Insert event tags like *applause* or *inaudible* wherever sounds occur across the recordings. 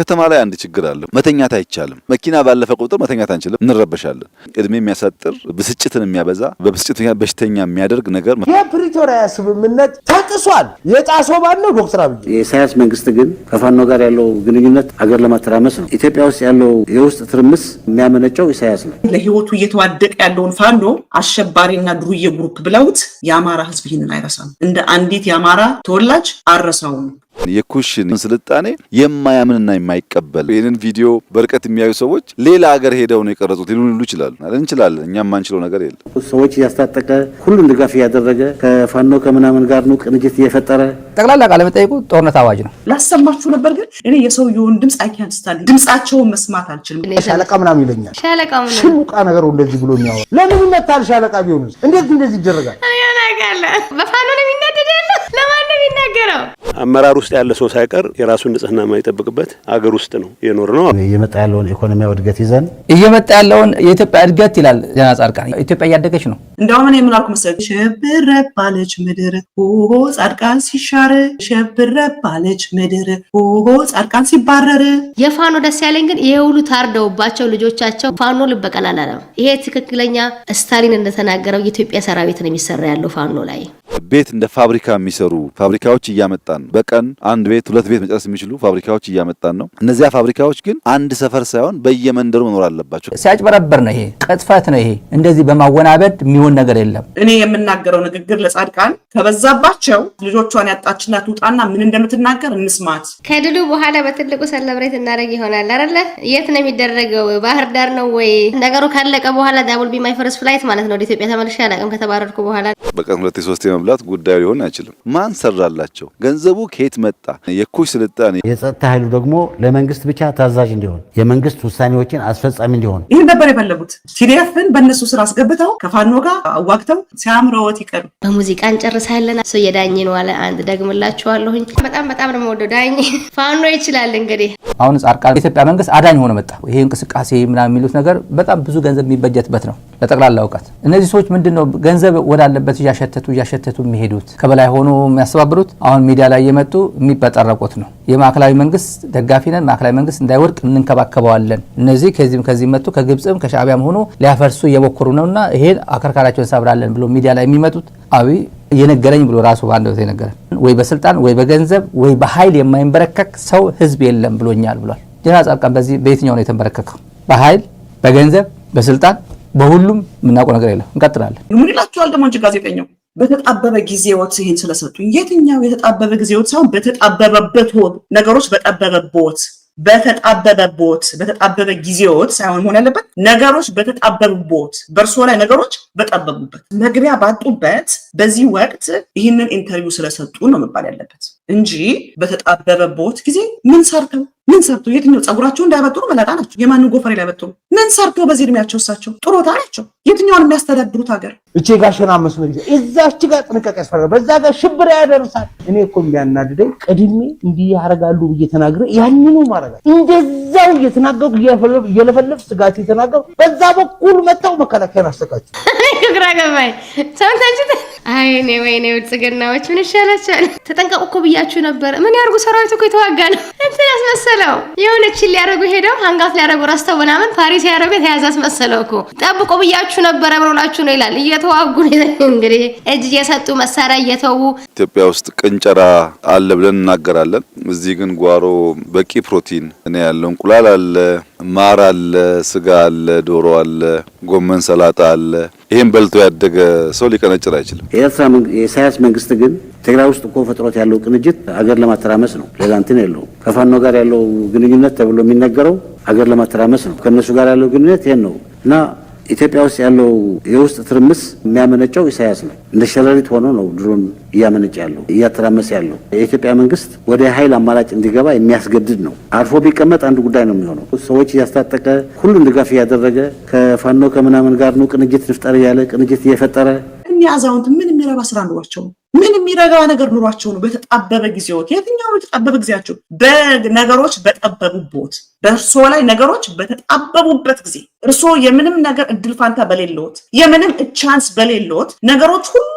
ከተማ ላይ አንድ ችግር አለ። መተኛት አይቻልም። መኪና ባለፈ ቁጥር መተኛት አንችልም፣ እንረበሻለን። እድሜ የሚያሳጥር ብስጭትን የሚያበዛ በብስጭት በሽተኛ የሚያደርግ ነገር የፕሪቶሪያ ስምምነት ተጥሷል። የጣሶ ባለው ዶክተር አብይ የኢሳያስ መንግስት ግን ከፋኖ ጋር ያለው ግንኙነት ሀገር ለማተራመስ ነው። ኢትዮጵያ ውስጥ ያለው የውስጥ ትርምስ የሚያመነጨው ኢሳያስ ነው። ለህይወቱ እየተዋደቀ ያለውን ፋኖ አሸባሪና ዱርዬ ግሩፕ ብለውት የአማራ ህዝብ ይህንን አይረሳም። እንደ አንዲት የአማራ ተወላጅ አረሳውም። የኩሽን ስልጣኔ የማያምንና የማይቀበል ይህንን ቪዲዮ በርቀት የሚያዩ ሰዎች ሌላ ሀገር ሄደው ነው የቀረጹት ሊሉ ሊሉ ይችላሉ። እንችላለን፣ እኛ የማንችለው ነገር የለም። ሰዎች እያስታጠቀ ሁሉን ድጋፍ እያደረገ ከፋኖ ከምናምን ጋር ነው ቅንጅት እየፈጠረ ጠቅላላ ቃለመጠይቁ ጦርነት አዋጅ ነው ላሰማችሁ ነበር። ግን እኔ የሰውየውን ድምፅ አይኪያንስታል ድምፃቸውን መስማት አልችልም። ሻለቃ ምናምን ይለኛል። ሻለቃ ሽሙቃ ነገር እንደዚህ ብሎ የሚያወራ ለምን ይመታል? ሻለቃ ቢሆኑ እንዴት እንደዚህ ይደረጋል? በፋኖ ነው የሚነደደ አመራር ውስጥ ያለ ሰው ሳይቀር የራሱን ንጽህና የማይጠብቅበት አገር ውስጥ ነው የኖር ነው። እየመጣ ያለውን ኢኮኖሚያዊ እድገት ይዘን እየመጣ ያለውን የኢትዮጵያ እድገት ይላል ዜና ጻድቃን። ኢትዮጵያ እያደገች ነው። እንደውም እኔ ምን አልኩ መሰለኝ፣ ሸብረ ባለች ምድር ሆሆ ጻድቃን ሲሻር፣ ሸብረ ባለች ምድር ሆሆ ጻድቃን ሲባረር። የፋኖ ደስ ያለኝ ግን ይሄ ሁሉ ታርደውባቸው ልጆቻቸው ፋኖ ልበቀላላ ነው። ይሄ ትክክለኛ ስታሊን እንደተናገረው የኢትዮጵያ ሰራዊት ነው የሚሰራ ያለው ፋኖ ላይ ቤት እንደ ፋብሪካ የሚሰሩ ፋብሪካዎች እያመጣን በቀን አንድ ቤት ሁለት ቤት መጨረስ የሚችሉ ፋብሪካዎች እያመጣን ነው። እነዚያ ፋብሪካዎች ግን አንድ ሰፈር ሳይሆን በየመንደሩ መኖር አለባቸው። ሲያጭበረበር ነው ይሄ፣ ቅጥፈት ነው ይሄ። እንደዚህ በማወናበድ የሚሆን ነገር የለም። እኔ የምናገረው ንግግር ለጻድቃን ከበዛባቸው ልጆቿን ያጣችና ትውጣና ምን እንደምትናገር እንስማት። ከድሉ በኋላ በትልቁ ሰለብሬት እናደረግ ይሆናል አለ። የት ነው የሚደረገው? ባህር ዳር ነው ወይ? ነገሩ ካለቀ በኋላ ዳቡል ቢ ማይ ፈርስት ፍላይት ማለት ነው ወደ ኢትዮጵያ ተመልሼ አላውቅም ከተባረርኩ በኋላ። በቀን ሁለት ሶስት የመብላት ጉዳዩ ሊሆን አይችልም። ማን ሰራላቸው ገንዘቡ ከየት መጣ? የኮች ስልጣኔ የጸጥታ ኃይሉ ደግሞ ለመንግስት ብቻ ታዛዥ እንዲሆን፣ የመንግስት ውሳኔዎችን አስፈጻሚ እንዲሆን ይህን ነበር የፈለጉት። ቲዲኤፍን በእነሱ ስራ አስገብተው ከፋኖ ጋር አዋግተው ሲያምረወት ይቀሩ። በሙዚቃ እንጨርሳለን። እሱ የዳኝን ዋለ አንድ ደግምላችኋለሁኝ። በጣም በጣም ነው የምወደው ዳኝ። ፋኖ ይችላል እንግዲህ አሁን ጻርቃ ኢትዮጵያ መንግስት አዳኝ ሆነ መጣ። ይሄ እንቅስቃሴ ምናምን የሚሉት ነገር በጣም ብዙ ገንዘብ የሚበጀትበት ነው። ለጠቅላላ እውቀት እነዚህ ሰዎች ምንድን ነው ገንዘብ ወዳለበት እያሸተቱ እያሸተቱ የሚሄዱት ከበላይ ሆኖ የሚያስተባብሩት አሁን ሚዲያ ላይ የመጡ የሚበጠረቁት ነው። የማዕከላዊ መንግስት ደጋፊ ነን፣ ማዕከላዊ መንግስት እንዳይወድቅ እንንከባከበዋለን። እነዚህ ከዚህም ከዚህ መጡ ከግብፅም ከሻዕቢያም ሆኖ ሊያፈርሱ እየሞከሩ ነውና ይሄን አከርካሪያቸውን እንሰብራለን ብሎ ሚዲያ ላይ የሚመጡት አብይ የነገረኝ ብሎ ራሱ በአንድ ወት የነገረ ወይ በስልጣን ወይ በገንዘብ ወይ በኃይል የማይንበረከክ ሰው ህዝብ የለም ብሎኛል ብሏል። ጀነራል ጻድቃን በዚህ በየትኛው ነው የተንበረከከው? በኃይል በገንዘብ በስልጣን በሁሉም የምናውቀው ነገር የለም። እንቀጥላለን። ምን ይላችኋል ደግሞ እንጂ ጋዜጠኛው በተጣበበ ጊዜዎት ይሄን ስለሰጡኝ፣ የትኛው የተጣበበ ጊዜዎት ሳይሆን በተጣበበበት ነገሮች በጠበበቦት በተጣበበቦት በተጣበበ ጊዜዎት ሳይሆን መሆን ያለበት ነገሮች በተጣበቡቦት፣ በእርስዎ ላይ ነገሮች በጠበቡበት፣ መግቢያ ባጡበት በዚህ ወቅት ይህንን ኢንተርቪው ስለሰጡ ነው መባል ያለበት እንጂ በተጣበበቦት ጊዜ ምን ሰርተው ምን ሰርቶ የትኛው ጸጉራቸው እንዳያበጥሩ መላጣ ናቸው። የማን ጎፈሬ ላያበጥሩ ምን ሰርቶ በዚህ እድሜያቸው እሳቸው ጥሮታ ናቸው። የትኛውን የሚያስተዳድሩት ሀገር እቼ ጋር ሸና መስመር ይዘ እዛች ጋር ጥንቃቄ ያስፈልጋል። በዛ ጋር ሽብር ያደርሳል። እኔ እኮ የሚያናድደኝ ቀድሜ እንዲህ ያደርጋሉ ብዬ ተናግሬ ያንኑ ማረጋል እንደዛው እየተናገሩ እየለፈለፍ ስጋት እየተናገሩ በዛ በኩል መጥተው መከላከያን አሰቃቸው። ግራ ገባኝ። ሰምታችሁት? አይኔ ወይኔ ብልጽግናዎች ምን ይሻላቸዋል? ተጠንቀቁ እኮ ብያችሁ ነበር። ምን ያርጉ ሰራዊት እኮ የተዋጋ ነው እንትን ያስመሰለ ነው የሆነች ሊያደረጉ ሄደው አንጋት ሊያደረጉ ረስተው ምናምን ፓሪስ ያደረጉ የተያዘ አስመሰለው እኮ ጠብቆ ብያችሁ ነበረ ብሎላችሁ ነው ይላል። እየተዋጉ እንግዲህ እጅ እየሰጡ መሳሪያ እየተዉ ኢትዮጵያ ውስጥ ቅንጨራ አለ ብለን እናገራለን። እዚህ ግን ጓሮ በቂ ፕሮቲን እኔ ያለው እንቁላል አለ ማር አለ፣ ስጋ አለ፣ ዶሮ አለ፣ ጎመን ሰላጣ አለ። ይህም በልቶ ያደገ ሰው ሊቀነጭር አይችልም። የኢሳያስ መንግስት ግን ትግራይ ውስጥ እኮ ፈጥሮት ያለው ቅንጅት አገር ለማተራመስ ነው። ሌላ እንትን የለውም። ከፋኖ ጋር ያለው ግንኙነት ተብሎ የሚነገረው አገር ለማተራመስ ነው። ከእነሱ ጋር ያለው ግንኙነት ይህን ነው እና ኢትዮጵያ ውስጥ ያለው የውስጥ ትርምስ የሚያመነጨው ኢሳያስ ነው። እንደ ሸረሪት ሆኖ ነው ድሮን እያመነጨ ያለው እያተራመሰ ያለው። የኢትዮጵያ መንግስት ወደ ኃይል አማራጭ እንዲገባ የሚያስገድድ ነው። አርፎ ቢቀመጥ አንድ ጉዳይ ነው የሚሆነው። ሰዎች እያስታጠቀ ሁሉን ድጋፍ እያደረገ ከፋኖ ከምናምን ጋር ነው ቅንጅት ንፍጠር እያለ ቅንጅት እየፈጠረ አዛውንት ምን የሚረባ ስራ ኑሯቸው ነው? ምን የሚረጋ ነገር ኑሯቸው ነው? በተጣበበ ጊዜዎት፣ የትኛው የተጣበበ ጊዜያቸው? በነገሮች በጠበቡቦት፣ በእርሶ ላይ ነገሮች በተጣበቡበት ጊዜ እርሶ የምንም ነገር እድል ፋንታ በሌለዎት፣ የምንም ቻንስ በሌለዎት ነገሮች ሁሉ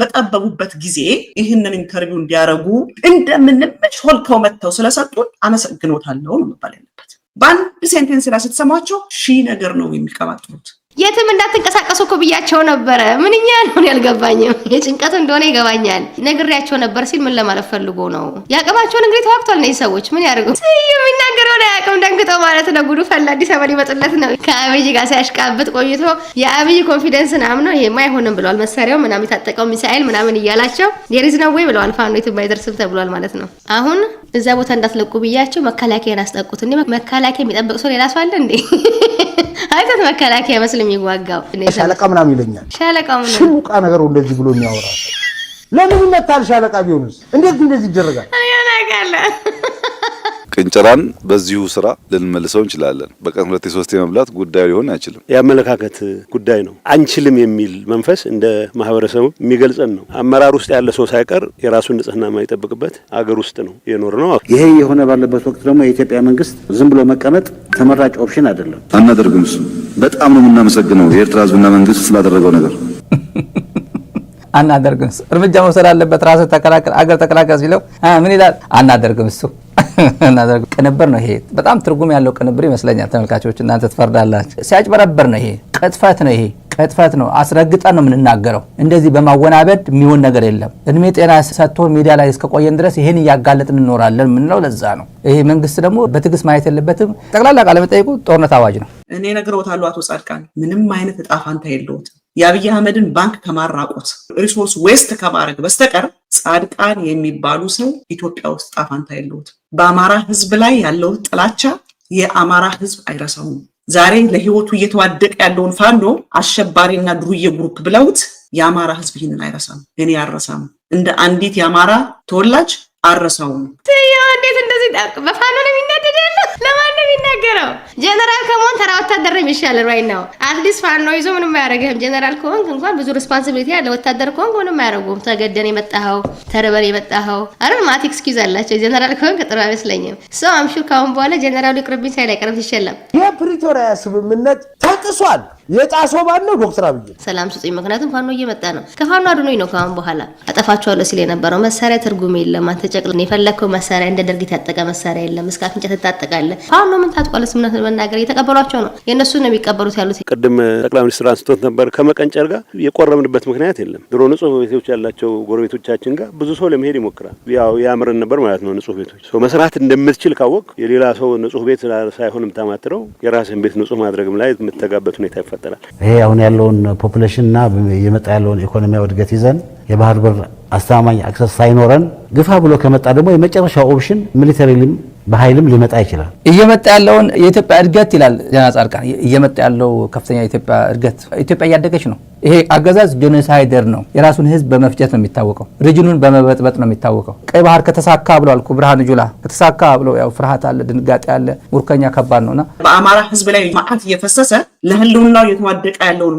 በጠበቡበት ጊዜ ይህንን ኢንተርቪው እንዲያደርጉ እንደምንመች ሆልከው መጥተው ስለሰጡን አመሰግኖታለሁ ነው መባል ያለበት። በአንድ ሴንቴንስ ላይ ስትሰማቸው ሺህ ነገር ነው የሚቀባጥሩት። የትም እንዳትንቀሳቀሱ እኮ ብያቸው ነበረ። ምንኛ ነው ያልገባኝም፣ የጭንቀት እንደሆነ ይገባኛል። ነግሬያቸው ነበር ሲል ምን ለማለት ፈልጎ ነው? የአቅማቸውን እንግዲህ ተዋግቷል ነው ሰዎች ምን ያደርገው? የሚናገረውን አያውቅም ደንግጦ ማለት ነው። ጉዱ ፈላ። አዲስ አበባ ሊመጥለት ነው። ከአብይ ጋር ሲያሽቃብጥ ቆይቶ የአብይ ኮንፊደንስ ናም ነው ይሄማ አይሆንም ብለዋል። መሳሪያው ምናምን የታጠቀው ሚሳኤል ምናምን እያላቸው የሪዝ ነው ወይ ብለዋል። ፋኖ የትም አይደርስም ተብሏል ማለት ነው። አሁን እዛ ቦታ እንዳትለቁ ብያቸው መከላከያን አስጠቁት። እንዲ መከላከያ የሚጠብቅ ሰው ሌላ ሰው አለ እንዴ? አይተት መከላከያ መስል የሚዋጋው ሻለቃ ምናምን ይለኛል። ሻለቃ ሽሙቃ ነገር እንደዚህ ብሎ የሚያወራ ለምን ይመታል? ሻለቃ ቢሆንስ እንዴት እንደዚህ ይደረጋል? ቅንጭራን በዚሁ ስራ ልንመልሰው እንችላለን። በቀን ሁለቴ ሶስቴ መብላት ጉዳዩ ሊሆን አይችልም። የአመለካከት ጉዳይ ነው። አንችልም የሚል መንፈስ እንደ ማህበረሰቡ የሚገልጸን ነው። አመራር ውስጥ ያለ ሰው ሳይቀር የራሱን ንጽህና የማይጠብቅበት አገር ውስጥ ነው የኖር ነው። ይሄ የሆነ ባለበት ወቅት ደግሞ የኢትዮጵያ መንግስት ዝም ብሎ መቀመጥ ተመራጭ ኦፕሽን አይደለም። አናደርግም። እሱ በጣም ነው የምናመሰግነው የኤርትራ ህዝብና መንግስት ስላደረገው ነገር *laughs* አናደርግም። እርምጃ መውሰድ አለበት። ራስህ ተከላከል፣ አገር ተከላከል ሲለው ምን ይላል? አናደርግም እሱ *laughs* ቅንብር ነው ይሄ። በጣም ትርጉም ያለው ቅንብር ይመስለኛል። ተመልካቾች እናንተ ትፈርዳላችሁ። ሲያጭበረበር ነው ይሄ፣ ቅጥፈት ነው ይሄ ቅጥፈት ነው። አስረግጠን ነው የምንናገረው። እንደዚህ በማወናበድ የሚሆን ነገር የለም። እድሜ ጤና ሰጥቶ ሚዲያ ላይ እስከቆየን ድረስ ይህን እያጋለጥን እንኖራለን የምንለው ለዛ ነው። ይሄ መንግስት ደግሞ በትዕግስት ማየት የለበትም። ጠቅላላ ቃለ መጠይቁ ጦርነት አዋጅ ነው። እኔ እነግርዎታለሁ አቶ ጻድቃን ምንም አይነት እጣ ፋንታ የለዎትም። የአብይ አህመድን ባንክ ከማራቆት ሪሶርስ ዌስት ከማድረግ በስተቀር ጻድቃን የሚባሉ ሰው ኢትዮጵያ ውስጥ እጣ ፋንታ በአማራ ህዝብ ላይ ያለው ጥላቻ የአማራ ህዝብ አይረሳውም። ዛሬ ለህይወቱ እየተዋደቀ ያለውን ፋኖ አሸባሪና ዱርዬ ግሩፕ ብለውት የአማራ ህዝብ ይህንን አይረሳም። እኔ አልረሳም። እንደ አንዲት የአማራ ተወላጅ አረሳውም። እንዴት እንደዚህ በፋኖ ነው የሚናደድ ያለ ነው የሚናገረው። ጀነራል ከመሆን ተራ ወታደር ይሻላል። ራይ ነው አትሊስት ፋኖ ይዞ ምንም አያደርግህም። ጀነራል ከሆንክ እንኳን ብዙ ሪስፖንሲቢሊቲ ያለ ወታደር ከሆንክ ምንም አያደርጉም። ተገደን የመጣኸው ተርበን የመጣኸው አረን ማት ኤክስኪውዝ አላቸው። ጀነራል ከሆንክ ጥሩ አይመስለኝም። ሶ አምሹር ካሁን በኋላ ጀነራሉ ይቅርብኝ ሳይል አይቀርም ሲሸለም። የፕሪቶሪያ ስምምነት ተጥሷል። የጣሶ ማን ነው? ዶክተር አብይ ሰላም ስጡኝ። ምክንያቱም ፋኖ እየመጣ ነው። ከፋኖ አድኖኝ ነው። ከአሁን በኋላ አጠፋቸዋለሁ ሲል የነበረው መሳሪያ ትርጉም የለም። አንተ ጨቅለን የፈለግከው መሳሪያ እንደ ድርጊት ያጠቀ መሳሪያ የለም። እስከ አፍንጫ ትታጠቃለህ። ዋናው ምን ታጥቋል? ስምነት መናገር እየተቀበሏቸው ነው። የእነሱ ነው የሚቀበሉት ያሉት። ቅድም ጠቅላይ ሚኒስትር አንስቶት ነበር። ከመቀንጨር ጋር የቆረምንበት ምክንያት የለም። ድሮ ንጹህ ቤቶች ያላቸው ጎረቤቶቻችን ጋር ብዙ ሰው ለመሄድ ይሞክራል። ያው ያምርን ነበር ማለት ነው። ንጹህ ቤቶች ሰው መስራት እንደምትችል ካወቅ የሌላ ሰው ንጹህ ቤት ሳይሆን የምታማትረው የራስን ቤት ንጹህ ማድረግም ላይ የምትተጋበት ሁኔታ ይፈጠራል። ይሄ አሁን ያለውን ፖፕሌሽንና የመጣ ያለውን ኢኮኖሚያዊ እድገት ይዘን የባህር በር አስተማማኝ አክሰስ ሳይኖረን ግፋ ብሎ ከመጣ ደግሞ የመጨረሻው ኦፕሽን ሚሊተሪሊም በኃይልም ሊመጣ ይችላል። እየመጣ ያለውን የኢትዮጵያ እድገት ይላል ዜና ጻድቃን፣ እየመጣ ያለው ከፍተኛ የኢትዮጵያ እድገት ኢትዮጵያ እያደገች ነው። ይሄ አገዛዝ ጆኖሳይደር ነው። የራሱን ህዝብ በመፍጨት ነው የሚታወቀው። ሪጅኑን በመበጥበጥ ነው የሚታወቀው። ቀይ ባህር ከተሳካ ብሏል ብርሃኑ ጁላ። ከተሳካ ብሎ ያው ፍርሃት አለ፣ ድንጋጤ አለ፣ ሙርከኛ ከባድ ነውና በአማራ ህዝብ ላይ መዓት እየፈሰሰ ለህልውናው እየተዋደቀ ያለውን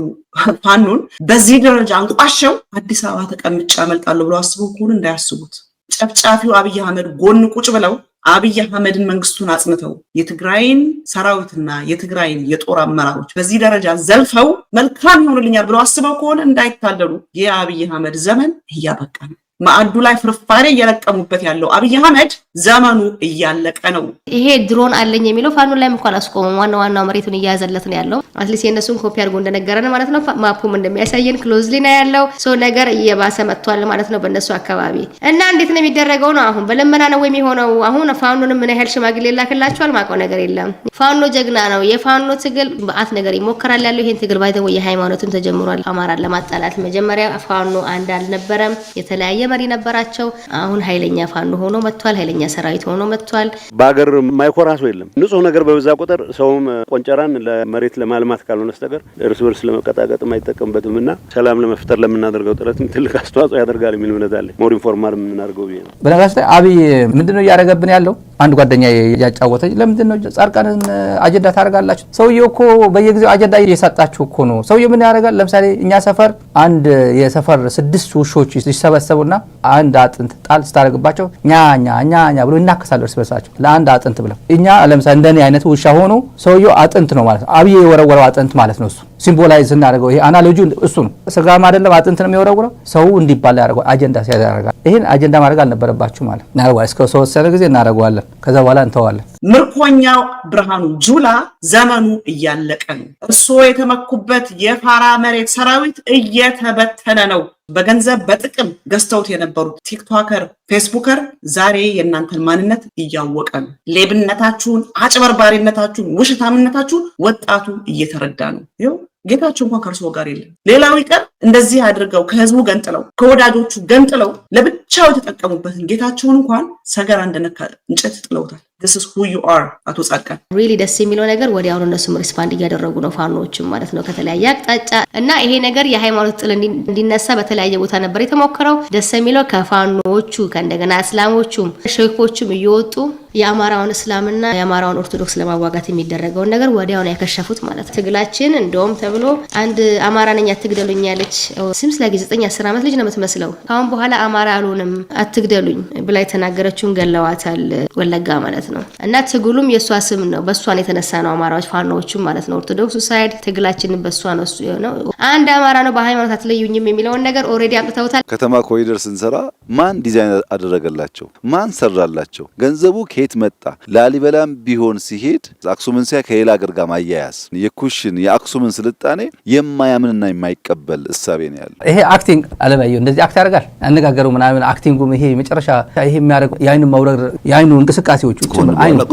ፋኑን በዚህ ደረጃ አንቋሸው አዲስ አበባ ተቀምጬ አመልጣለሁ ብሎ አስበው ከሆኑ እንዳያስቡት ጨፍጫፊው አብይ አህመድ ጎን ቁጭ ብለው አብይ አህመድን መንግስቱን አጽንተው የትግራይን ሰራዊትና የትግራይን የጦር አመራሮች በዚህ ደረጃ ዘልፈው መልካም ይሆንልኛል ብለው አስበው ከሆነ እንዳይታለሉ የአብይ አህመድ ዘመን እያበቃ ነው። ማዕዱ ላይ ፍርፋሬ እየለቀሙበት ያለው አብይ አህመድ ዘመኑ እያለቀ ነው። ይሄ ድሮን አለኝ የሚለው ፋኖ ላይም እንኳን አስቆሙም። ዋና ዋናው መሬቱን እያያዘለት ነው ያለው። አትሊስት የእነሱን ኮፒ አድርጎ እንደነገረን ማለት ነው። ማፑም እንደሚያሳየን ክሎዝሊ ነው ያለው። ሰው ነገር እየባሰ መጥቷል ማለት ነው በእነሱ አካባቢ እና እንዴት ነው የሚደረገው ነው አሁን በልመና ነው የሚሆነው። አሁን ፋኖን ምን ያህል ሽማግሌ ላክላቸዋል ማቀው ነገር የለም። ፋኖ ጀግና ነው። የፋኖ ትግል በአት ነገር ይሞከራል ያለው ይህን ትግል ባይተው የሃይማኖትም ተጀምሯል። አማራን ለማጣላት መጀመሪያ ፋኖ አንድ አልነበረም የተለያየ መሪ ነበራቸው። አሁን ኃይለኛ ፋኖ ሆኖ መጥቷል። ኃይለኛ ሰራዊት ሆኖ መጥቷል። በሀገር ማይኮራ ሰው የለም። ንጹህ ነገር በበዛ ቁጥር ሰውም ቆንጨራን ለመሬት ለማልማት ካልሆነ በስተቀር እርስ በርስ ለመቀጣቀጥ አይጠቀምበትም እና ሰላም ለመፍጠር ለምናደርገው ጥረትም ትልቅ አስተዋጽኦ ያደርጋል የሚል እምነት አለ። ሞር ኢንፎርማል የምናደርገው ብዬ ነው። በነገራችን ላይ አብይ ምንድነው እያደረገብን ያለው? አንድ ጓደኛ ያጫወተኝ ለምንድን ነው ጻድቃንን አጀንዳ ታደርጋላችሁ? ሰውየው እኮ በየጊዜው አጀንዳ እየሰጣችሁ እኮ ነው። ሰውየው ምን ያደርጋል? ለምሳሌ እኛ ሰፈር አንድ የሰፈር ስድስት ውሾች ሲሰበሰቡና አንድ አጥንት ጣል ስታደርግባቸው ኛኛ ኛኛ ብሎ ይናከሳሉ እርስ በርሳቸው ለአንድ አጥንት ብለው። እኛ ለምሳሌ እንደኔ አይነት ውሻ ሆኖ ሰውየው አጥንት ነው ማለት ነው። አብዬ የወረወረው አጥንት ማለት ነው እሱ ሲምቦላይዝ እናደርገው ይሄ አናሎጂ እሱ ነው። ስጋም አይደለም አጥንት ነው የሚወረውረው። ሰው እንዲባል ያደርገው አጀንዳ ሲያደርጋል። ይህን አጀንዳ ማድረግ አልነበረባችሁ ማለት ናርዋ እስከ ተወሰነ ጊዜ እናደርገዋለን፣ ከዛ በኋላ እንተዋለን። ምርኮኛው ብርሃኑ ጁላ ዘመኑ እያለቀ ነው። እርስዎ የተመኩበት የፋራ መሬት ሰራዊት እየተበተነ ነው። በገንዘብ በጥቅም ገዝተውት የነበሩት ቲክቶከር፣ ፌስቡከር ዛሬ የእናንተን ማንነት እያወቀ ነው። ሌብነታችሁን፣ አጭበርባሪነታችሁን፣ ውሸታምነታችሁን ወጣቱ እየተረዳ ነው። ጌታቸው እንኳን ከእርስዎ ጋር የለም። ሌላው ይቀር እንደዚህ አድርገው ከህዝቡ ገንጥለው ከወዳጆቹ ገንጥለው ለብቻው የተጠቀሙበትን ጌታቸውን እንኳን ሰገራ እንደነካ እንጨት ጥለውታል። ስ ዩ አር አቶ ጻድቃን ሪሊ ደስ የሚለው ነገር ወዲያውኑ እነሱም ሪስፓንድ እያደረጉ ነው፣ ፋኖዎችም ማለት ነው ከተለያየ አቅጣጫ እና ይሄ ነገር የሃይማኖት ጥል እንዲነሳ በተለያየ ቦታ ነበር የተሞከረው። ደስ የሚለው ከፋኖዎቹ ከእንደገና እስላሞቹም ሸይኮቹም እየወጡ የአማራውን እስላምና የአማራውን ኦርቶዶክስ ለማዋጋት የሚደረገውን ነገር ወዲያውን ያከሸፉት ማለት ነው። ትግላችን እንደውም ተብሎ አንድ አማራ ነኝ አትግደሉኝ ያለች ስም ስለ ዘጠኝ አስር ዓመት ልጅ ነው የምትመስለው። አሁን በኋላ አማራ አልሆንም አትግደሉኝ ብላ የተናገረችውን ገለዋታል፣ ወለጋ ማለት ነው። እና ትግሉም የእሷ ስም ነው፣ በእሷን የተነሳ ነው አማራዎች ፋኖዎቹም ማለት ነው። ኦርቶዶክሱ ሳይድ ትግላችን በእሷ ነው እሱ የሆነው አንድ አማራ ነው በሃይማኖት አትለዩኝም የሚለውን ነገር ኦልሬዲ አምጥተውታል። ከተማ ኮሪደር ስንሰራ ማን ዲዛይን አደረገላቸው? ማን ሰራላቸው? ገንዘቡ ከየት መጣ? ላሊበላም ቢሆን ሲሄድ አክሱምን ሲያ ከሌላ አገር ጋር ማያያዝ የኩሽን የአክሱምን ስልጣኔ የማያምንና የማይቀበል እሳቤ ነው ያለው። ይሄ አክቲንግ አለማየሁ እንደዚህ አክት ያደርጋል አነጋገሩ ምናምን አክቲንጉም ይሄ መጨረሻ ይሄ የሚያደርገው የአይኑ መውረር የአይኑ እንቅስቃሴዎች ቁጭ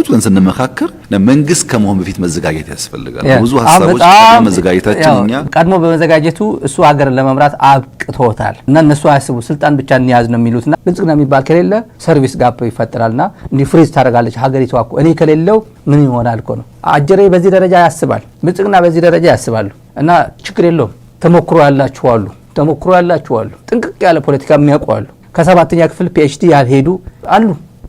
ብለን ስንመካከር መንግስት ከመሆን በፊት መዘጋጀት ያስፈልጋል። ብዙ ሀሳቦች መዘጋጀታችን እኛ ቀድሞ በመዘጋጀቱ እሱ ሀገርን ለመምራት አብቅቶታል እና እነሱ አያስቡ ስልጣን ብቻ እንያዝ ነው የሚሉትና ብልጽግና የሚባል ከሌለ ሰርቪስ ጋፕ ይፈጠራልና እንዲህ ፍሪዝ ታደርጋለች ሀገሪቷ እኮ እኔ ከሌለው ምን ይሆናል እኮ ነው። አጀሬ በዚህ ደረጃ ያስባል፣ ብልጽግና በዚህ ደረጃ ያስባሉ። እና ችግር የለውም ተሞክሮ ያላችኋሉ ተሞክሮ ያላችኋሉ አሉ፣ ጥንቅቅ ያለ ፖለቲካ የሚያውቁ አሉ፣ ከሰባተኛ ክፍል ፒኤችዲ ያልሄዱ አሉ።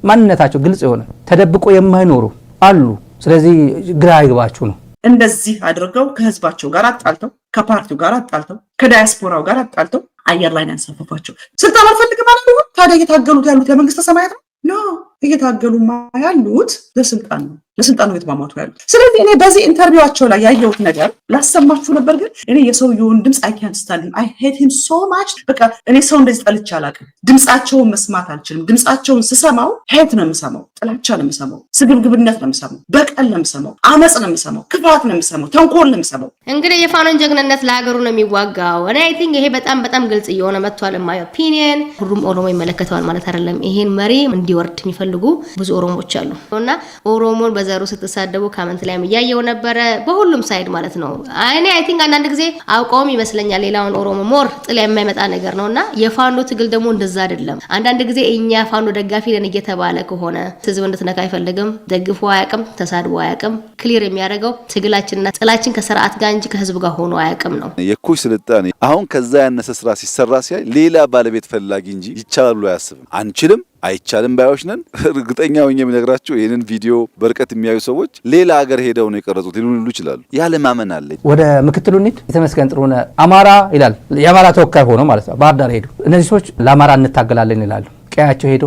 ማንነታቸው ግልጽ የሆነ ተደብቆ የማይኖሩ አሉ። ስለዚህ ግራ ይግባችሁ ነው። እንደዚህ አድርገው ከህዝባቸው ጋር አጣልተው ከፓርቲው ጋር አጣልተው ከዳያስፖራው ጋር አጣልተው አየር ላይ ያንሳፈፏቸው ስልጣን አልፈልግም አለ። ታዲያ እየታገሉት ያሉት ለመንግስተ ሰማያት ነው። እየታገሉ ያሉት ለስልጣን ነው። ለስልጣኑ የተማማቱ ያሉት። ስለዚህ እኔ በዚህ ኢንተርቪዋቸው ላይ ያየሁት ነገር ላሰማችሁ ነበር፣ ግን እኔ የሰውየውን ድምፅ አይኪያን ስታልን አይ ሄት ሂም ሶ ማች። በቃ እኔ ሰው እንደዚህ ጠልቼ አላውቅም። ድምፃቸውን መስማት አልችልም። ድምፃቸውን ስሰማው ሄት ነው የምሰማው፣ ጥላቻ ነው የምሰማው፣ ስግብግብነት ነው የምሰማው፣ በቀል ነው የምሰማው፣ አመፅ ነው የምሰማው፣ ክፋት ነው የምሰማው፣ ተንኮል ነው የምሰማው። እንግዲህ የፋኖን ጀግንነት ለሀገሩ ነው የሚዋጋው። እኔ አይ ቲንክ ይሄ በጣም በጣም ግልጽ እየሆነ መጥቷል። ማይ ኦፒኒየን ሁሉም ኦሮሞ ይመለከተዋል ማለት አይደለም። ይሄን መሪ እንዲወርድ የሚፈልጉ ብዙ ኦሮሞዎች አሉ እና ኦሮሞን ከዘሩ ስትሳደቡ ከመንት ላይም እያየው ነበረ፣ በሁሉም ሳይድ ማለት ነው። እኔ አይ ቲንክ አንዳንድ ጊዜ አውቀውም ይመስለኛል ሌላውን ኦሮሞ ሞር ጥላ የማይመጣ ነገር ነው እና የፋኖ ትግል ደግሞ እንደዛ አይደለም። አንዳንድ ጊዜ እኛ ፋኖ ደጋፊ ነን እየተባለ ከሆነ ህዝብ እንድትነካ አይፈልግም፣ ደግፎ አያውቅም፣ ተሳድቦ አያውቅም። ክሊር የሚያደርገው ትግላችንና ጥላችን ከስርዓት ጋር እንጂ ከህዝብ ጋር ሆኖ አያውቅም ነው የኩሽ ስልጣኔ። አሁን ከዛ ያነሰ ስራ ሲሰራ ሲያይ ሌላ ባለቤት ፈላጊ እንጂ ይቻላሉ አያስብም። አንችልም አይቻልም ባዮች ነን። *laughs* እርግጠኛ ሆኜ የምነግራቸው ይህንን ቪዲዮ በርቀት የሚያዩ ሰዎች ሌላ ሀገር ሄደው ነው የቀረጹት ሊሉን ይሉ ይችላሉ። ያለ ማመን አለኝ። ወደ ምክትሉ ኒት የተመስገን ጥሩነህ አማራ ይላል። የአማራ ተወካይ ሆኖ ማለት ነው። ባህር ዳር ሄዱ። እነዚህ ሰዎች ለአማራ እንታገላለን ይላሉ። ቀያቸው ሄዶ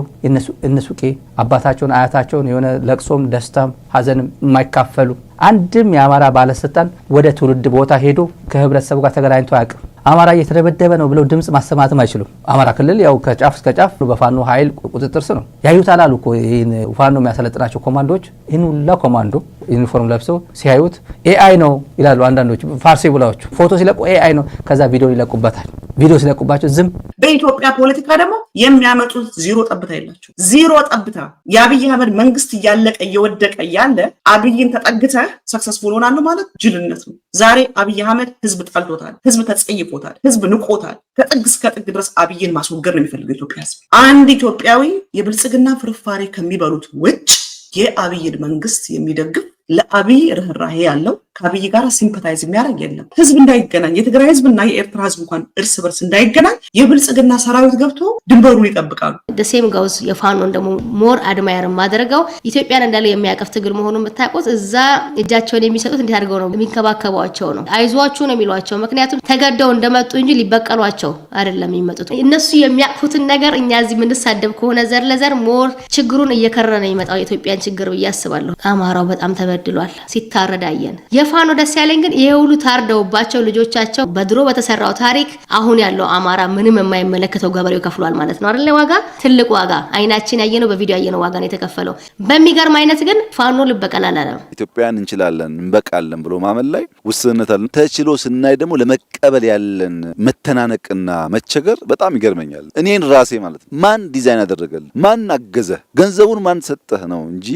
እነሱ ቄ አባታቸውን አያታቸውን የሆነ ለቅሶም ደስታም ሀዘንም የማይካፈሉ አንድም የአማራ ባለስልጣን ወደ ትውልድ ቦታ ሄዶ ከህብረተሰቡ ጋር ተገናኝቶ አያውቅም። አማራ እየተደበደበ ነው ብለው ድምፅ ማሰማትም አይችሉም። አማራ ክልል ያው ከጫፍ እስከ ጫፍ በፋኖ ኃይል ቁጥጥር ስር ነው። ያዩታል አሉ እኮ ይህን ፋኖ የሚያሰለጥናቸው ኮማንዶዎች ይህን ሁላ ኮማንዶ ዩኒፎርም ለብሰው ሲያዩት ኤአይ ነው ይላሉ አንዳንዶች ፋርሲ ቡላዎች ፎቶ ሲለቁ ኤአይ ነው፣ ከዛ ቪዲዮ ይለቁበታል። ቪዲዮ ሲለቁባቸው ዝም። በኢትዮጵያ ፖለቲካ ደግሞ የሚያመጡት ዚሮ ጠብታ የላቸው ዚሮ ጠብታ። የአብይ አህመድ መንግስት እያለቀ እየወደቀ እያለ አብይን ተጠግተ ሰክሰስፉል ሆናሉ ማለት ጅልነት ነው። ዛሬ አብይ አህመድ ህዝብ ጠልቶታል፣ ህዝብ ተጸይፎታል። አድርጎታል። ህዝብ ንቆታል። ከጥግ እስከ ጥግ ድረስ አብይን ማስወገድ ነው የሚፈልገው ኢትዮጵያ ህዝብ። አንድ ኢትዮጵያዊ የብልጽግና ፍርፋሬ ከሚበሉት ውጭ የአብይን መንግስት የሚደግፍ ለአብይ ርኅራሄ ያለው ከአብይ ጋር ሲምፐታይዝ የሚያደርግ የለም። ህዝብ እንዳይገናኝ የትግራይ ህዝብ እና የኤርትራ ህዝብ እንኳን እርስ በርስ እንዳይገናኝ የብልጽግና ሰራዊት ገብቶ ድንበሩን ይጠብቃሉ። ደሴም ጋውዝ የፋኖን ደግሞ ሞር አድማየር ማድረገው ኢትዮጵያን እንዳለ የሚያቀፍ ትግል መሆኑን የምታውቁት እዛ እጃቸውን የሚሰጡት እንዴት አድርገው ነው የሚንከባከቧቸው ነው አይዟችሁ ነው የሚሏቸው። ምክንያቱም ተገደው እንደመጡ እንጂ ሊበቀሏቸው አይደለም የሚመጡት። እነሱ የሚያቅፉትን ነገር እኛ እዚህ የምንሳደብ ከሆነ ዘር ለዘር ሞር ችግሩን እየከረነ ይመጣው የኢትዮጵያን ችግር ብዬ አስባለሁ። አማራው በጣም ተበ ተበድሏል። ሲታረድ አየን። የፋኖ ደስ ያለኝ ግን ይሄ ሁሉ ታርደውባቸው ልጆቻቸው በድሮ በተሰራው ታሪክ አሁን ያለው አማራ ምንም የማይመለከተው ገበሬው ከፍሏል ማለት ነው አይደለ? ዋጋ ትልቅ ዋጋ አይናችን ያየነው በቪዲዮ ያየነው ዋጋ ነው የተከፈለው። በሚገርም አይነት ግን ፋኖ ልበቀል አላለም። ኢትዮጵያን እንችላለን እንበቃለን ብሎ ማመን ላይ ውስንነት አለ። ተችሎ ስናይ ደግሞ ለመቀበል ያለን መተናነቅና መቸገር በጣም ይገርመኛል። እኔን ራሴ ማለት ማን ዲዛይን አደረገልህ? ማን አገዘህ? ገንዘቡን ማን ሰጠህ ነው እንጂ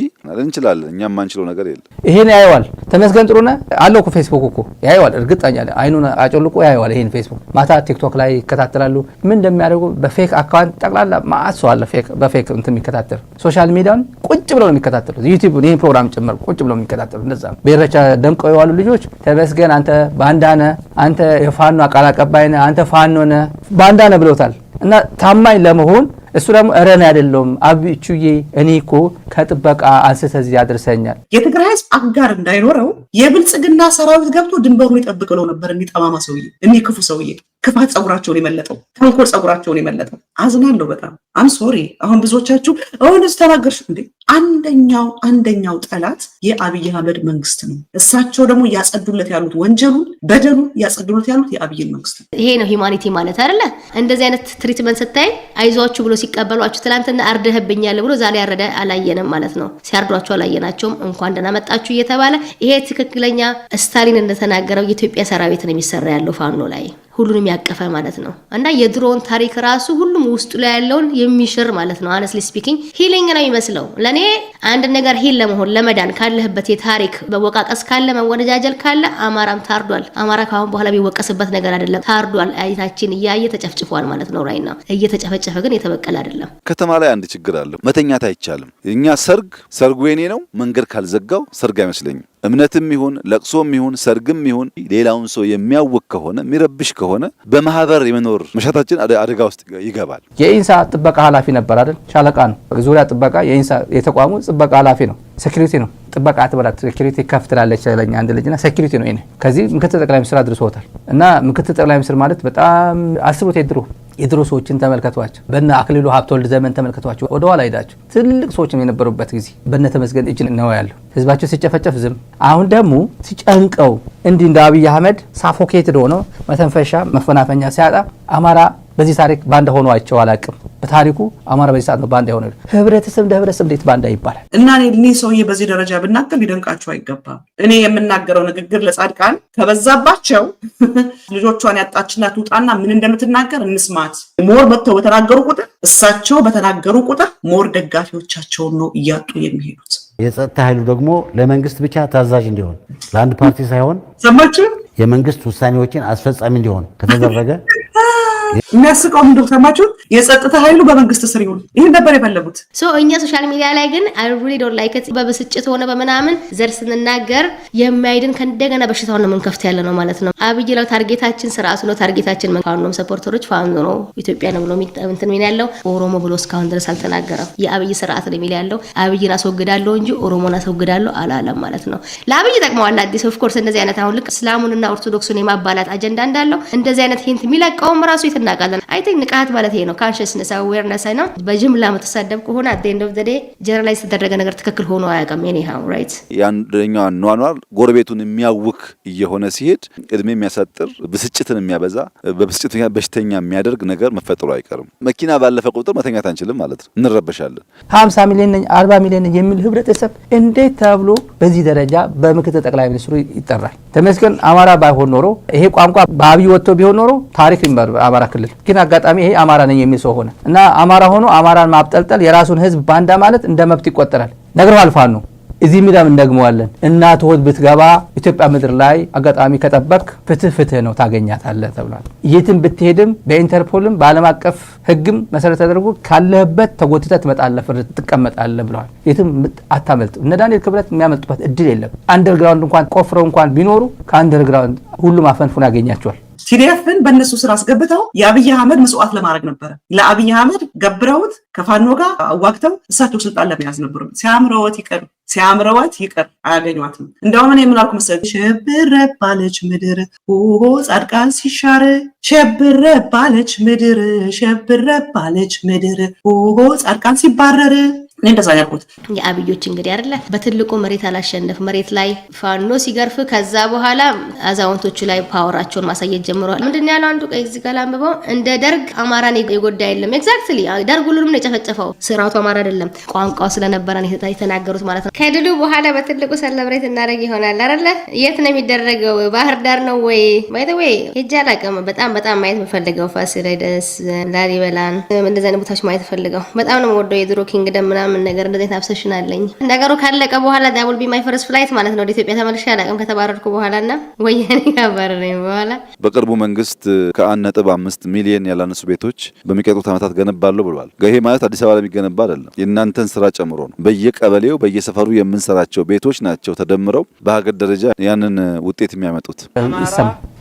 እንችላለን። እኛ የማንችለው ነገር የለም። ይሄን ያየዋል። ተመስገን ጥሩ ነህ አለው እኮ ፌስቡክ እኮ ያየዋል። እርግጠኛ አይኑን አጮልቆ ያየዋል። ይሄን ፌስቡክ ማታ ቲክቶክ ላይ ይከታተላሉ። ምን እንደሚያደርጉ በፌክ አካውንት ጠቅላላ ማአት ሰው አለ በፌክ እንትን የሚከታተል ሶሻል ሚዲያውን ቁጭ ብለው ነው የሚከታተሉት። ዩቲብ ይህን ፕሮግራም ጭምር ቁጭ ብለው የሚከታተሉ እነዛ ነው። በኢሬቻ ደምቀው የዋሉ ልጆች ተመስገን አንተ ባንዳ ነህ፣ አንተ የፋኖ ቃል አቀባይ ነህ፣ አንተ ፋኖ ነህ፣ ባንዳ ነህ ብለውታል። እና ታማኝ ለመሆን እሱ ደግሞ እረን አይደለውም አብቹዬ እኔ እኮ ከጥበቃ አንስተ እዚህ ያደርሰኛል። የትግራይ ህዝብ አጋር እንዳይኖረው የብልጽግና ሰራዊት ገብቶ ድንበሩን ይጠብቅለው ነበር። የሚጠማማ ሰውዬ፣ እኔ ክፉ ሰውዬ ክፋት ጸጉራቸውን የመለጠው ተንኮል ጸጉራቸውን የመለጠው አዝናለሁ በጣም አም ሶሪ። አሁን ብዙዎቻችሁ አሁን ተናገርሽ እንዴ አንደኛው አንደኛው ጠላት የአብይ አህመድ መንግስት ነው። እሳቸው ደግሞ እያጸዱለት ያሉት ወንጀሉን በደሉን እያጸዱለት ያሉት የአብይን መንግስት ነው። ይሄ ነው ሂማኒቲ ማለት አይደለ? እንደዚህ አይነት ትሪትመንት ስታይ አይዟችሁ ብሎ ሲቀበሏችሁ፣ ትናንትና አርደህብኛል ብሎ ዛሬ ያረደ አላየንም ማለት ነው። ሲያርዷቸው አላየናቸውም። እንኳን ደህና መጣችሁ እየተባለ ይሄ ትክክለኛ ስታሊን እንደተናገረው የኢትዮጵያ ሰራዊት ነው የሚሰራ ያለው ፋኖ ላይ ሁሉንም ያቀፈ ማለት ነው። እና የድሮውን ታሪክ ራሱ ሁሉም ውስጡ ላይ ያለውን የሚሽር ማለት ነው። አነስሊ ስፒኪንግ ሂሊንግ ነው ይመስለው ለእኔ አንድ ነገር ሂል ለመሆን ለመዳን ካለህበት የታሪክ መወቃቀስ ካለ መወነጃጀል ካለ አማራም ታርዷል። አማራ ካሁን በኋላ ቢወቀስበት ነገር አይደለም፣ ታርዷል። አይታችን እያየ ተጨፍጭፏል ማለት ነው። ራይና እየተጨፈጨፈ ግን የተበቀለ አይደለም። ከተማ ላይ አንድ ችግር አለ፣ መተኛት አይቻልም። እኛ ሰርግ ሰርጉ የኔ ነው መንገድ ካልዘጋው ሰርግ አይመስለኝም። እምነትም ይሁን ለቅሶም ይሁን ሰርግም ይሁን ሌላውን ሰው የሚያውቅ ከሆነ የሚረብሽ ከሆነ በማህበር የመኖር መሻታችን አደጋ ውስጥ ይገባል። የኢንሳ ጥበቃ ኃላፊ ነበር አይደል? ሻለቃ ነው። ዙሪያ ጥበቃ የኢንሳ የተቋሙ ጥበቃ ኃላፊ ነው። ሴኩሪቲ ነው። ጥበቃ አትበላት ሴኩሪቲ ከፍ ትላለች ለኛ አንድ ልጅና ሴኩሪቲ ነው። ይሄ ከዚህ ምክትል ጠቅላይ ሚኒስትር አድርሶታል። እና ምክትል ጠቅላይ ሚኒስትር ማለት በጣም አስቦት የድሮ የድሮ ሰዎችን ተመልከቷቸው። በነ አክሊሉ ሀብተወልድ ዘመን ተመልከቷቸው። ወደኋላ ሄዳቸው ትልቅ ሰዎችም የነበሩበት ጊዜ በነ ተመስገን እጅ ነው ያለው። ህዝባቸው ሲጨፈጨፍ ዝም። አሁን ደግሞ ሲጨንቀው እንዲህ እንደ አብይ አህመድ ሳፎኬትድ ሆኖ መተንፈሻ መፈናፈኛ ሲያጣ አማራ በዚህ ታሪክ ባንዳ ሆኖ አይቼው በታሪኩ አማራ በዚህ ሰዓት ነው ባንዳ የሆነ። ህብረተሰብ እንዴት ባንዳ ይባላል? እና እኔ ሰውዬ በዚህ ደረጃ ብናገር ሊደንቃቸው አይገባም። እኔ የምናገረው ንግግር ለጻድቃን ከበዛባቸው *laughs* ልጆቿን ያጣችናት ውጣና ምን እንደምትናገር እንስማት። ሞር መጥተው በተናገሩ ቁጥር እሳቸው በተናገሩ ቁጥር ሞር ደጋፊዎቻቸውን ነው እያጡ የሚሄዱት። የጸጥታ ኃይሉ ደግሞ ለመንግስት ብቻ ታዛዥ እንዲሆን ለአንድ ፓርቲ ሳይሆን ሰማችሁ የመንግስት ውሳኔዎችን አስፈጻሚ እንዲሆን ከተደረገ *laughs* የሚያስቀው ምንድን ሰማችሁት? የጸጥታ ኃይሉ በመንግስት ስር ይሁን። ይህን ነበር የፈለጉት። እኛ ሶሻል ሚዲያ ላይ ግን ላይከት በብስጭት ሆነ በምናምን ዘር ስንናገር የማይድን ከእንደገና በሽታውን ነው የምንከፍት ያለ ነው ማለት ነው። አብይ ለው ታርጌታችን ስርዓቱ ነው። ታርጌታችን ፋኖም ሰፖርተሮች ፋኖ ነው ኢትዮጵያ ነው ብሎ እንትን ሚል ያለው ኦሮሞ ብሎ እስካሁን ድረስ አልተናገረም። የአብይ ስርዓት ነው የሚል ያለው አብይን አስወግዳለሁ እንጂ ኦሮሞን አስወግዳለሁ አላለም ማለት ነው። ለአብይ ጠቅመዋል። አዲስ ኦፍኮርስ እንደዚህ አይነት አሁን ልክ እስላሙንና ኦርቶዶክሱን የማባላት አጀንዳ እንዳለው እንደዚህ አይነት ሂንት የሚለቀውም ራሱ እናውቃለን። አይ ቲንክ ንቃት ማለት ይሄ ነው፣ ካንሽስነስ አዌርነስ ነው። በጅምላ መተሳደብ ከሆነ አት ኤንድ ኦፍ ዘ ዴይ ጀነራላይዝ የተደረገ ነገር ትክክል ሆኖ አያውቅም። ኤኒሃው ራይት የአንደኛው አኗኗር ጎረቤቱን የሚያውክ እየሆነ ሲሄድ እድሜ የሚያሳጥር ብስጭትን የሚያበዛ በብስጭት በሽተኛ የሚያደርግ ነገር መፈጠሩ አይቀርም። መኪና ባለፈ ቁጥር መተኛት አንችልም ማለት ነው፣ እንረበሻለን። ሀምሳ ሚሊዮን ነኝ አርባ ሚሊዮን ነኝ የሚል ህብረተሰብ እንዴት ተብሎ በዚህ ደረጃ በምክትል ጠቅላይ ሚኒስትሩ ይጠራል? ተመስገን አማራ ባይሆን ኖሮ ይሄ ቋንቋ በአብይ ወጥቶ ቢሆን ኖሮ ታሪክ አማራ አማራ ክልል ግን አጋጣሚ ይሄ አማራ ነኝ የሚል ሰው ሆነ እና አማራ ሆኖ አማራን ማብጠልጠል የራሱን ህዝብ ባንዳ ማለት እንደ መብት ይቆጠራል። ነግረው አልፋኑ እዚህ ሚዳም እንደግመዋለን። እናት ሆድ ብትገባ ኢትዮጵያ ምድር ላይ አጋጣሚ ከጠበቅ ፍትህ ፍትህ ነው ታገኛታለህ ተብሏል። የትም ብትሄድም በኢንተርፖልም በዓለም አቀፍ ህግም መሰረት ተደርጎ ካለህበት ተጎትተህ ትመጣለህ፣ ፍርድ ትቀመጣለህ ብለዋል። የትም አታመልጥ። እነ ዳንኤል ክብረት የሚያመልጡበት እድል የለም። አንደርግራውንድ እንኳን ቆፍረው እንኳን ቢኖሩ ከአንደርግራውንድ ሁሉም አፈንፉን ያገኛቸዋል። ቲዲኤፍን በእነሱ ስራ አስገብተው የአብይ አህመድ መስዋዕት ለማድረግ ነበረ። ለአብይ አህመድ ገብረውት ከፋኖ ጋር አዋግተው እሳቸው ስልጣን ለመያዝ ነበሩ። ሲያምረወት ይቀዱ ሲያምረዋት ይቀር አያገኟትም። እንደውም እኔ የምላልኩ መሰለኝ ሸብረ ባለች ምድር ሆ ጻድቃን ሲሻር ሸብረ ባለች ምድር ሸብረ ባለች ምድር ሆ ጻድቃን ሲባረር እንደዛ ያልኩት የአብዮች እንግዲህ አይደለ በትልቁ መሬት አላሸነፍ መሬት ላይ ፋኖ ሲገርፍ ከዛ በኋላ አዛውንቶቹ ላይ ፓወራቸውን ማሳየት ጀምረዋል። ምንድን ያለው አንዱ ቀይ እዚህ ጋር ላንብበው እንደ ደርግ አማራን የጎዳ የለም። ኤግዛክትሊ ደርግ ሁሉንም ነው የጨፈጨፈው። ስርዓቱ አማራ አይደለም ቋንቋው ስለነበረ የተናገሩት ማለት ነው። ከድሉ በኋላ በትልቁ ሰለብሬት እናደርግ ይሆናል አይደለ። የት ነው የሚደረገው? ባህር ዳር ነው ወይ? ባይ ዘ ወይ ሄጄ አላውቅም። በጣም በጣም ማየት የምፈልገው ፋሲለደስ፣ ላሊበላን እንደዚህ አይነት ቦታዎች ማየት ፈልገው በጣም ነው የምወደው የድሮ ኪንግደም ምናምን ምናምን ነገር እንደዚህ አብሰሽን አለኝ። ነገሩ ካለቀ በኋላ ዳት ዊል ቢ ማይ ፈርስት ፍላይት ማለት ነው ወደ ኢትዮጵያ ተመልሼ አላውቅም ከተባረርኩ በኋላ እና ወያኔ ካባረረኝ በኋላ። በቅርቡ መንግስት ከአንድ ነጥብ አምስት ሚሊየን ያላነሱ ቤቶች በሚቀጥሉት ዓመታት ገነባለሁ ብሏል። ይሄ ማለት አዲስ አበባ ለሚገነባ አይደለም፣ የእናንተን ስራ ጨምሮ ነው። በየቀበሌው በየሰፈሩ የምንሰራቸው ቤቶች ናቸው ተደምረው በሀገር ደረጃ ያንን ውጤት የሚያመጡት።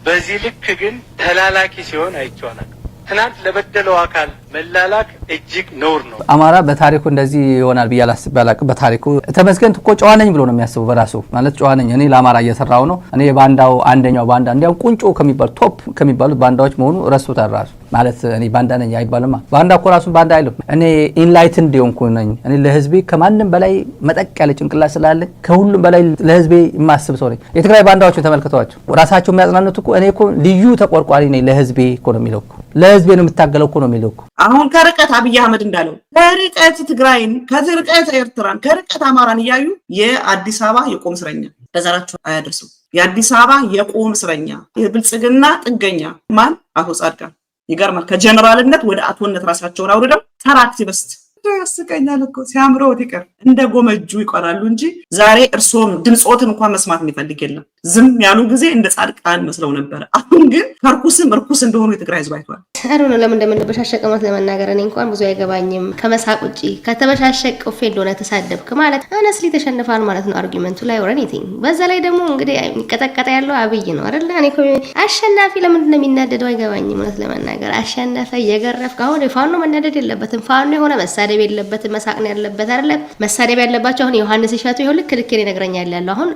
በዚህ ልክ ግን ተላላኪ ሲሆን አይቼዋለሁ። ትናንት ለበደለው አካል መላላክ እጅግ ነውር ነው። አማራ በታሪኩ እንደዚህ ይሆናል ብዬ አላቅም። በታሪኩ ተመስገን እኮ ጨዋነኝ ብሎ ነው የሚያስበው። በራሱ ማለት ጨዋነኝ እኔ ለአማራ እየሰራው ነው እኔ የባንዳው አንደኛው ባንዳ እንዲያውም ቁንጮ ከሚባሉ ቶፕ ከሚባሉት ባንዳዎች መሆኑ ረሱታል። ራሱ ማለት እኔ ባንዳ ነኝ አይባልማ። ባንዳ እኮ ራሱን ባንዳ አይልም። እኔ ኢንላይትን እንዲሆንኩ ነኝ። እኔ ለህዝቤ ከማንም በላይ መጠቅ ያለ ጭንቅላት ስላለ ከሁሉም በላይ ለህዝቤ የማስብ ሰው ነኝ። የትግራይ ባንዳዎችን ተመልክተዋቸው ራሳቸው የሚያጽናኑት እኮ እኔ ልዩ ተቆርቋሪ ነኝ ለህዝቤ እኮ ነው የሚለው ለህዝቤ ነው የምታገለው እኮ ነው የሚለው እኮ አሁን ከርቀት አብይ አህመድ እንዳለው ከርቀት ትግራይን ከርቀት ኤርትራን ከርቀት አማራን እያዩ የአዲስ አበባ የቆም እስረኛ በዘራቸው አያደርሱም። የአዲስ አበባ የቆም እስረኛ የብልጽግና ጥገኛ ማን አቶ ጻድቃን ይገርማል። ከጀነራልነት ወደ አቶነት ራሳቸውን አውርደው ተራ አክቲቪስት ያስቀኛል እኮ ሲያምረውት ይቀር እንደ ጎመጁ ይቆራሉ እንጂ ዛሬ እርስዎም ድምፆትን እንኳን መስማት የሚፈልግ የለም። ዝም ያሉ ጊዜ እንደ ጻድቃን መስለው ነበረ። አሁን ግን ከርኩስም እርኩስ እንደሆኑ የትግራይ ህዝብ አይቷል። አሮ ነው ለምን እንደምንበሻሸቅ እውነት ለመናገር እኔ እንኳን ብዙ አይገባኝም ከመሳቅ ውጪ ከተበሻሸቅ ቁፌ እንደሆነ ተሳደብክ ማለት አነስሊ ተሸንፋል ማለት ነው አርጊመንቱ ላይ ወረን ኢቲንግ በዛ ላይ ደግሞ እንግዲህ የሚቀጠቀጠ ያለው አብይ ነው አይደለ እኔ አሸናፊ ለምንድን ነው የሚናደደው አይገባኝም እውነት ለመናገር አሸነፈ እየገረፍክ አሁን ፋኖ መናደድ የለበትም ፋኖ የሆነ መሳደብ የለበትም መሳቅ ነው ያለበት አይደለ መሳደብ ያለባቸው አሁን ዮሐንስ እሸቱ ይሁን ልክ ልክ ይነግረኛል ያለው አሁን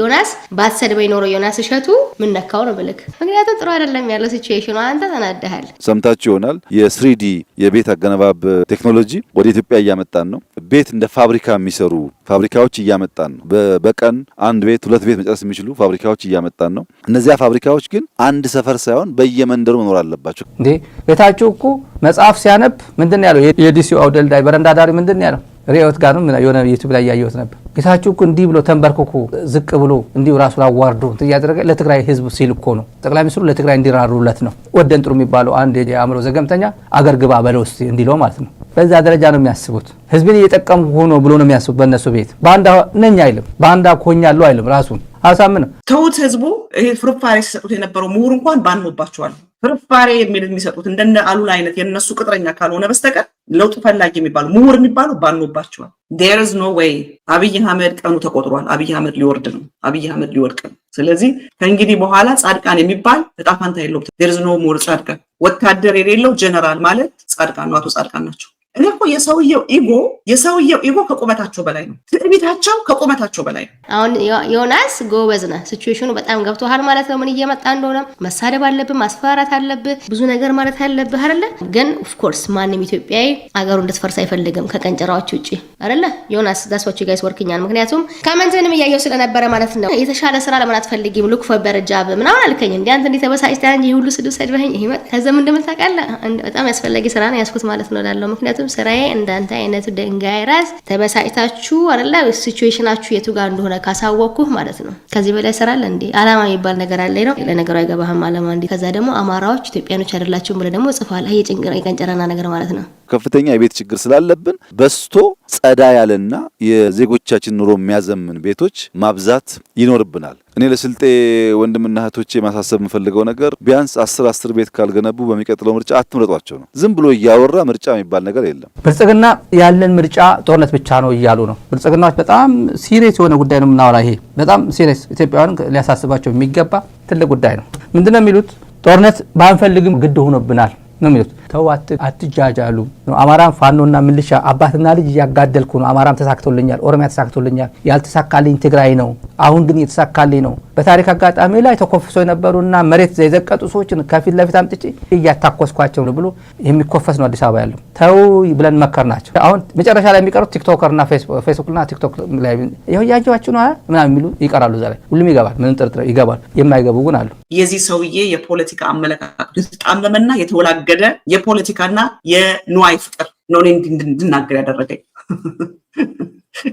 ዮናስ ባትሰድበኝ ኖሮ ዮናስ እሸቱ ምን ነካው ነው ብልክ ምክንያቱም ጥሩ አይደለም ያለው ሲቹዌሽኑ አንተ ተናደሃል ሰምታችሁ ይሆናል። የስሪዲ የቤት አገነባብ ቴክኖሎጂ ወደ ኢትዮጵያ እያመጣን ነው። ቤት እንደ ፋብሪካ የሚሰሩ ፋብሪካዎች እያመጣን ነው። በቀን አንድ ቤት ሁለት ቤት መጨረስ የሚችሉ ፋብሪካዎች እያመጣን ነው። እነዚያ ፋብሪካዎች ግን አንድ ሰፈር ሳይሆን በየመንደሩ መኖር አለባቸው። እንዴ ቤታችሁ እኮ መጽሐፍ ሲያነብ ምንድን ያለው የዲሲ አውደልዳይ በረንዳ ዳሪ ምንድን ያለው ሪዮት ጋር የሆነ ዩቱብ ላይ ያየሁት ነበር ጌታችሁ እኮ እንዲህ ብሎ ተንበርክኮ ዝቅ ብሎ እንዲሁ ራሱን አዋርዶ እያደረገ ለትግራይ ህዝብ ሲል እኮ ነው። ጠቅላይ ሚኒስትሩ ለትግራይ እንዲራሩለት ነው። ወደን ጥሩ የሚባለው አንድ የአእምሮ ዘገምተኛ አገር ግባ በለው እስኪ እንዲለው ማለት ነው። በዛ ደረጃ ነው የሚያስቡት። ህዝብን እየጠቀሙ ሆኖ ብሎ ነው የሚያስቡት። በእነሱ ቤት በአንዳ ነኝ አይልም፣ በአንዳ ኮኛለሁ አይልም። ራሱን አሳምነው ተውት። ህዝቡ ይሄ ፍርፋሪ ሲሰጡት የነበረው ምሁር እንኳን ባንሞባቸዋል ፍርፋሬ የሚል የሚሰጡት እንደነ አሉላ አይነት የነሱ ቅጥረኛ ካልሆነ በስተቀር ለውጥ ፈላጊ የሚባሉ ምሁር የሚባሉ ባኖባቸዋል። ዴርዝ ኖ ዌይ አብይ አህመድ ቀኑ ተቆጥሯል። አብይ አህመድ ሊወርድ ነው። አብይ አህመድ ሊወድቅ ነው። ስለዚህ ከእንግዲህ በኋላ ጻድቃን የሚባል እጣ ፋንታ የለውም። ዴርዝ ኖ ሞር ጻድቃን። ወታደር የሌለው ጀነራል ማለት ጻድቃን ነው። አቶ ጻድቃን ናቸው። እኔ እኮ የሰውየው ኢጎ የሰውየው ኢጎ ከቁመታቸው በላይ ነው። ትዕቢታቸው ከቁመታቸው በላይ ነው። አሁን ዮናስ ጎበዝ ነህ፣ ሲቹዌሽኑ በጣም ገብቶሃል ማለት ነው። ምን እየመጣ እንደሆነ መሳደብ አለብህ፣ ማስፈራራት አለብህ፣ ብዙ ነገር ማለት አለብህ አይደለ? ግን ኦፍኮርስ ማንም ኢትዮጵያዊ አገሩ እንድትፈርስ አይፈልግም ከቀንጨራዎች ውጭ አይደለ? ዮናስ ዛስዋቹ ጋይስ ወርክኛል። ምክንያቱም ከመንትንም እያየው ስለነበረ ማለት ነው። የተሻለ ስራ ለምን አትፈልጊም? ሉክ ፎር ጃብ ምናምን አልከኝ። እንዲ አንተ እንዴት ተበሳጭተህ ሁሉ ስድብ ሰድበኝ ይመ ከዘም እንደምታውቃለህ በጣም ያስፈላጊ ስራ ነው ያስኩት ማለት ነው ላለው ምክንያቱም ምክንያቱም ስራዬ እንዳንተ አይነቱ ድንጋይ ራስ ተበሳጭታችሁ አላ ሲቹዌሽናችሁ የቱ ጋር እንደሆነ ካሳወቅኩህ ማለት ነው። ከዚህ በላይ ስራለ እንዴ አላማ የሚባል ነገር አለ ነው። ለነገሩ አይገባህም አላማ እንዴ። ከዛ ደግሞ አማራዎች ኢትዮጵያኖች አይደላችሁም ብለህ ደግሞ ጽፏል። ይህ የቀንጨረና ነገር ማለት ነው። ከፍተኛ የቤት ችግር ስላለብን በስቶ ጸዳ ያለና የዜጎቻችን ኑሮ የሚያዘምን ቤቶች ማብዛት ይኖርብናል። እኔ ለስልጤ ወንድምና እህቶቼ ማሳሰብ የምፈልገው ነገር ቢያንስ አስር አስር ቤት ካልገነቡ በሚቀጥለው ምርጫ አትምረጧቸው ነው። ዝም ብሎ እያወራ ምርጫ የሚባል ነገር የለም። ብልጽግና ያለን ምርጫ ጦርነት ብቻ ነው እያሉ ነው ብልጽግናዎች። በጣም ሲሪየስ የሆነ ጉዳይ ነው የምናወራ። ይሄ በጣም ሲሪየስ ኢትዮጵያውያን ሊያሳስባቸው የሚገባ ትልቅ ጉዳይ ነው። ምንድነው የሚሉት? ጦርነት ባንፈልግም ግድ ሆኖብናል ነው የሚሉት ተው አትጃጃሉ። አማራም ፋኖና ምልሻ አባትና ልጅ እያጋደልኩ ነው። አማራም ተሳክቶልኛል፣ ኦሮሚያ ተሳክቶልኛል፣ ያልተሳካልኝ ትግራይ ነው። አሁን ግን የተሳካልኝ ነው። በታሪክ አጋጣሚ ላይ ተኮፍሶ የነበሩና መሬት የዘቀጡ ሰዎችን ከፊት ለፊት አምጥቼ እያታኮስኳቸው ነው ብሎ የሚኮፈስ ነው አዲስ አበባ ያለው። ተው ብለን መከር ናቸው። አሁን መጨረሻ ላይ የሚቀሩት ቲክቶከርና ፌስቡክና ቲክቶክ ላይ ያያቸዋችሁ ነው ምናምን የሚሉ ይቀራሉ። ዛ ላይ ሁሉም ይገባል፣ ምንም ጥርጥር ይገባል። የማይገቡ ግን አሉ። የዚህ ሰውዬ የፖለቲካ አመለካከት በጣም ለመና የተወላገደ የፖለቲካና የንዋይ ፍቅር ነው እንድናገር ያደረገኝ።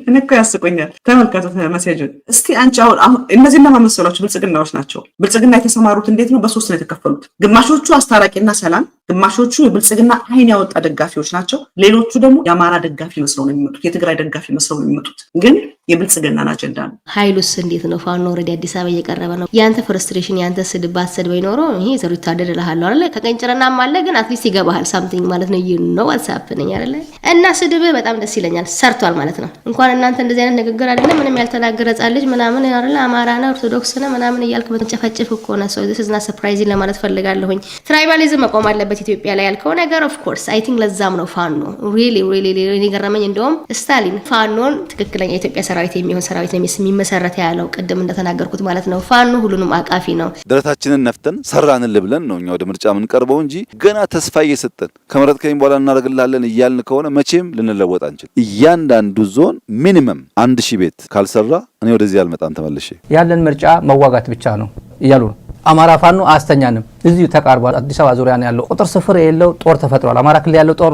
እኔ እኮ ያስቆኛል። ተመልከቱት መሴጅን እስቲ አንቺ። አሁን እነዚህ እነማን ብልጽግናዎች ናቸው። ብልጽግና የተሰማሩት እንዴት ነው? በሶስት ነው የተከፈሉት። ግማሾቹ አስታራቂና ሰላም ግማሾቹ የብልጽግና አይን ያወጣ ደጋፊዎች ናቸው። ሌሎቹ ደግሞ የአማራ ደጋፊ መስለው ነው የሚመጡት፣ የትግራይ ደጋፊ መስለው ነው የሚመጡት። ግን የብልጽግናን አጀንዳ ነው። ሀይሉስ እንዴት ነው? ፋኖ ኦልሬዲ አዲስ አበባ እየቀረበ ነው። ያንተ ፍርስትሬሽን ያንተ ስድብ ባሰድ ይኖረ ይሄ ዘሩ ይታደድ ልሃለሁ አለ ከቀንጭረና አለ ግን አትሊስት ይገባሃል ሳምቲንግ ማለት ነው። ይህ ነው ዋትሳፕ ነኝ አለ እና ስድብ በጣም ደስ ይለኛል። ሰርቷል ማለት ነው። እንኳን እናንተ እንደዚህ አይነት ንግግር አለ ምንም ያልተናገረ ሕፃን ልጅ ምናምን አለ አማራ ነው ኦርቶዶክስ ነ ምናምን እያልክ በተጨፋጨፍ እኮ ነው ሰው ሰፕራይዝ ለማለት ፈልጋለሁኝ። ትራይባሊዝም መቆም አለበት። ያለበት ኢትዮጵያ ላይ ያልከው ነገር ኦፍ ኮርስ አይ ቲንክ ለዛም ነው ፋኖ ሪሊ ሪሊ ሪሊ ገረመኝ። እንደውም ስታሊን ፋኖን ትክክለኛ የኢትዮጵያ ሰራዊት የሚሆን ሰራዊት ነው የሚመሰረት ያለው ቅድም እንደተናገርኩት ማለት ነው። ፋኖ ሁሉንም አቃፊ ነው። ደረታችንን ነፍተን ሰራንል ብለን ነው እኛ ወደ ምርጫ የምንቀርበው እንጂ ገና ተስፋ እየሰጠን ከመረጥከኝ በኋላ እናደርግላለን እያልን ከሆነ መቼም ልንለወጥ አንችል። እያንዳንዱ ዞን ሚኒመም አንድ ሺህ ቤት ካልሰራ እኔ ወደዚህ አልመጣም ተመልሼ። ያለን ምርጫ መዋጋት ብቻ ነው እያሉ ነው አማራ ፋኖ አያስተኛንም። እዚሁ ተቃርቧል። አዲስ አበባ ዙሪያ ያለው። ቁጥር ስፍር የለው ጦር ተፈጥሯል። አማራ ክልል ያለው ጦር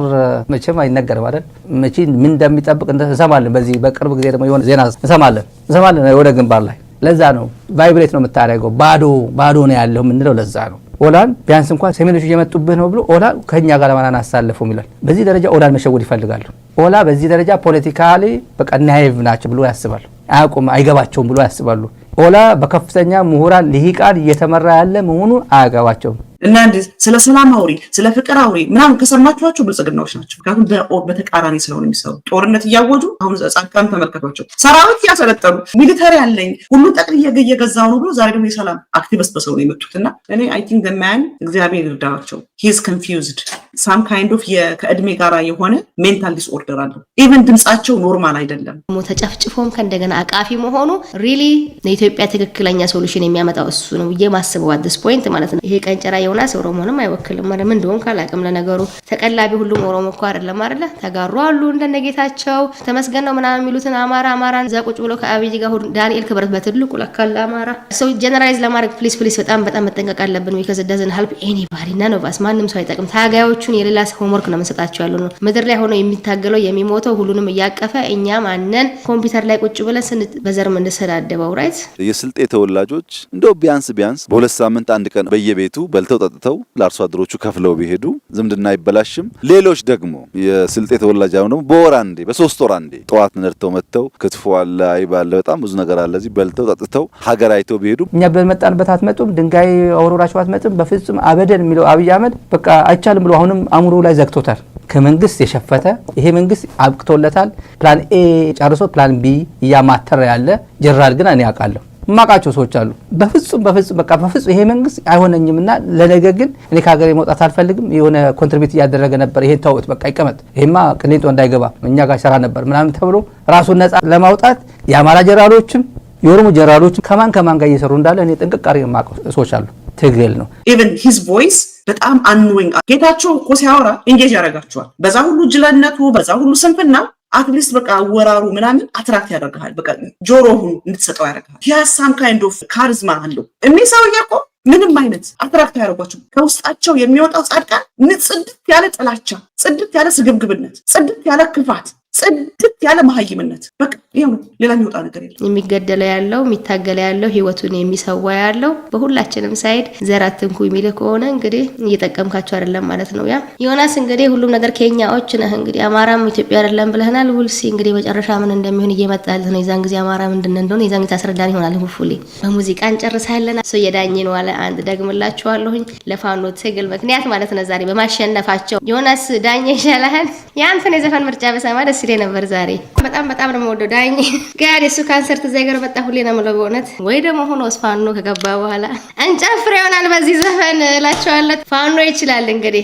መቼም አይነገርም አይደል? መቼ ምን እንደሚጠብቅ እንሰማለን። በዚህ በቅርብ ጊዜ ደግሞ የሆነ ዜና እንሰማለን እንሰማለን ወደ ግንባር ላይ ለዛ ነው ቫይብሬት ነው የምታደርገው። ባዶ ባዶ ነው ያለው የምንለው ለዛ ነው። ኦላን ቢያንስ እንኳን ሰሜኖች እየመጡብህ ነው ብሎ ኦላ ከኛ ጋር ለማናን አሳለፉም ይላል። በዚህ ደረጃ ኦላን መሸወድ ይፈልጋሉ። ኦላ በዚህ ደረጃ ፖለቲካሊ በቃ ናይቭ ናቸው ብሎ ያስባል። አያውቁም፣ አይገባቸውም ብሎ ያስባሉ። ኦላ በከፍተኛ ምሁራን ልሂቃን እየተመራ ያለ መሆኑን አያገባቸውም። እና ስለ ሰላም አውሪ፣ ስለ ፍቅር አውሪ ምናምን ከሰማችኋቸው ብልጽግናዎች ናቸው። ምክንያቱም በተቃራኒ ስለሆነ የሚሰሩ ጦርነት እያወጁ አሁን ጻድቃን ተመልከቷቸው፣ ሰራዊት እያሰለጠኑ ሚሊተሪ ያለኝ ሁሉ ጠቅል እየገዛው ነው ብሎ ዛሬ ደግሞ የሰላም አክቲቪስት በሰው ነው የመጡት። እና እኔ አይ ቲንክ ዘማያን እግዚአብሔር ይርዳቸው። ሂስ ኮንፊውዝድ ሳም ካይንድ ኦፍ ከእድሜ ጋር የሆነ ሜንታል ዲስኦርደር አለው። ኢቨን ድምጻቸው ኖርማል አይደለም። ተጨፍጭፎም ከእንደገና አቃፊ መሆኑ ሪሊ ለኢትዮጵያ ትክክለኛ ሶሉሽን የሚያመጣው እሱ ነው ብዬ ማስበው አዲስ ፖይንት ማለት ነው ይሄ ቀንጨራ ዮናስ ኦሮሞንም አይወክልም ማለት ምን እንደሆነ አላውቅም። ለነገሩ ተቀላቢ ሁሉም ኦሮሞ እኮ አይደለም አይደለ? ተጋሩ አሉ እንደነ ጌታቸው ተመስገን ነው ምናምን የሚሉትን አማራ አማራን እዛ ቁጭ ብሎ ከአብይ ጋር ዳንኤል ክብረት በትልቁ ለካል አማራ ሰው ጀነራይዝ ለማድረግ ፕሊስ ፕሊስ፣ በጣም በጣም መጠንቀቅ አለብን። ቢከዝ ደዝን ሀልፕ ኤኒባዲ ና ኖቫስ ማንም ሰው አይጠቅም። ታጋዮቹን የሌላ ሆምወርክ ነው የምንሰጣቸው ያሉ ነው። ምድር ላይ ሆኖ የሚታገለው የሚሞተው ሁሉንም እያቀፈ እኛ ማነን ኮምፒውተር ላይ ቁጭ ብለን ስን በዘር ምንሰዳደበው ራይት የስልጤ ተወላጆች እንደው ቢያንስ ቢያንስ በሁለት ሳምንት አንድ ቀን በየቤቱ በልተው አውጥተው ለአርሶ አደሮቹ ከፍለው ቢሄዱ ዝምድና አይበላሽም። ሌሎች ደግሞ የስልጤ ተወላጅ አሁን ደግሞ በወር አንዴ በሶስት ወር አንዴ ጠዋት ነድተው መጥተው ክትፎ አለ አይብ አለ በጣም ብዙ ነገር አለ እዚህ በልተው ጠጥተው ሀገር አይተው ቢሄዱ እኛ በመጣንበት አትመጡም፣ ድንጋይ አውሮራቸው አትመጡም፣ በፍጹም አበደን የሚለው አብይ አህመድ በቃ አይቻልም ብሎ አሁንም አእምሮ ላይ ዘግቶታል። ከመንግስት የሸፈተ ይሄ መንግስት አብቅቶለታል። ፕላን ኤ ጨርሶ ፕላን ቢ እያማተረ ያለ ጀራል ግን እኔ አውቃለሁ እማቃቸው ሰዎች አሉ። በፍጹም በፍጹም በቃ በፍጹም ይሄ መንግስት አይሆነኝምና ለነገ ግን እኔ ከሀገር መውጣት አልፈልግም። የሆነ ኮንትሪቢዩት እያደረገ ነበር። ይሄን ተውት፣ በቃ ይቀመጥ፣ ይሄማ ቅሊንጦ እንዳይገባ እኛ ጋር ሰራ ነበር ምናምን ተብሎ ራሱን ነጻ ለማውጣት የአማራ ጀራሎችም የኦሮሞ ጀራሎችም ከማን ከማን ጋር እየሰሩ እንዳለ እኔ ጥንቅቅ አድርጌ የማውቀው ሰዎች አሉ። ትግል ነው። ኢቨን ሂዝ ቮይስ በጣም አንወኝ ጌታቸው እኮ ሲያወራ ኢንጌጅ ያደርጋቸዋል። በዛ ሁሉ ጅለነቱ፣ በዛ ሁሉ ስንፍና አትሊስት በቃ አወራሩ ምናምን አትራክት ያደርግሃል። በቃ ጆሮውን እንድትሰጠው ያደርግሃል። ፒያሳም ካይንድ ኦፍ ካሪዝማ አለው። እኒህ ሰውዬ እኮ ምንም አይነት አትራክት አያደርጓቸው። ከውስጣቸው የሚወጣው ጻድቃን ጽድት ያለ ጥላቻ፣ ጽድት ያለ ስግብግብነት፣ ጽድት ያለ ክፋት ጽድት ያለ መሀይምነት በቃ ይኸው ነው። ሌላ የሚወጣ ነገር የለም። የሚገደለው ያለው የሚታገለ ያለው ህይወቱን የሚሰዋ ያለው በሁላችንም ሳይድ ዘር አትንኩ የሚልህ ከሆነ እንግዲህ እየጠቀምካቸው አይደለም ማለት ነው። ያ ዮናስ እንግዲህ ሁሉም ነገር ኬንያዎች ነህ እንግዲህ አማራም ኢትዮጵያ አይደለም ብለህናል። ውልሲ እንግዲህ መጨረሻ ምን እንደሚሆን እየመጣልህ ነው። የዛን ጊዜ አማራ ምንድን እንደሆነ የዛን ጊዜ አስረዳን ይሆናል። ሁፉሌ በሙዚቃ እንጨርሳለን። ሰው የዳኝን ዋለ አንድ ደግምላችኋለሁኝ ለፋኖ ትግል ምክንያት ማለት ነው ዛሬ በማሸነፋቸው ዮናስ ዳኘ ይሻላል። የአንተን የዘፈን ምርጫ በሰማ ደስ አስሬ ነበር ዛሬ። በጣም በጣም ነው የምወደው ዳኝ ጋር እሱ ካንሰር ተዘገረ በጣም ሁሌ ነው የምለው በእውነት ወይ ደግሞ ሆኖ ፋኖ ከገባ በኋላ እንጨፍር ይሆናል በዚህ ዘፈን እላቸዋለሁ። ፋኖ ይችላል እንግዲህ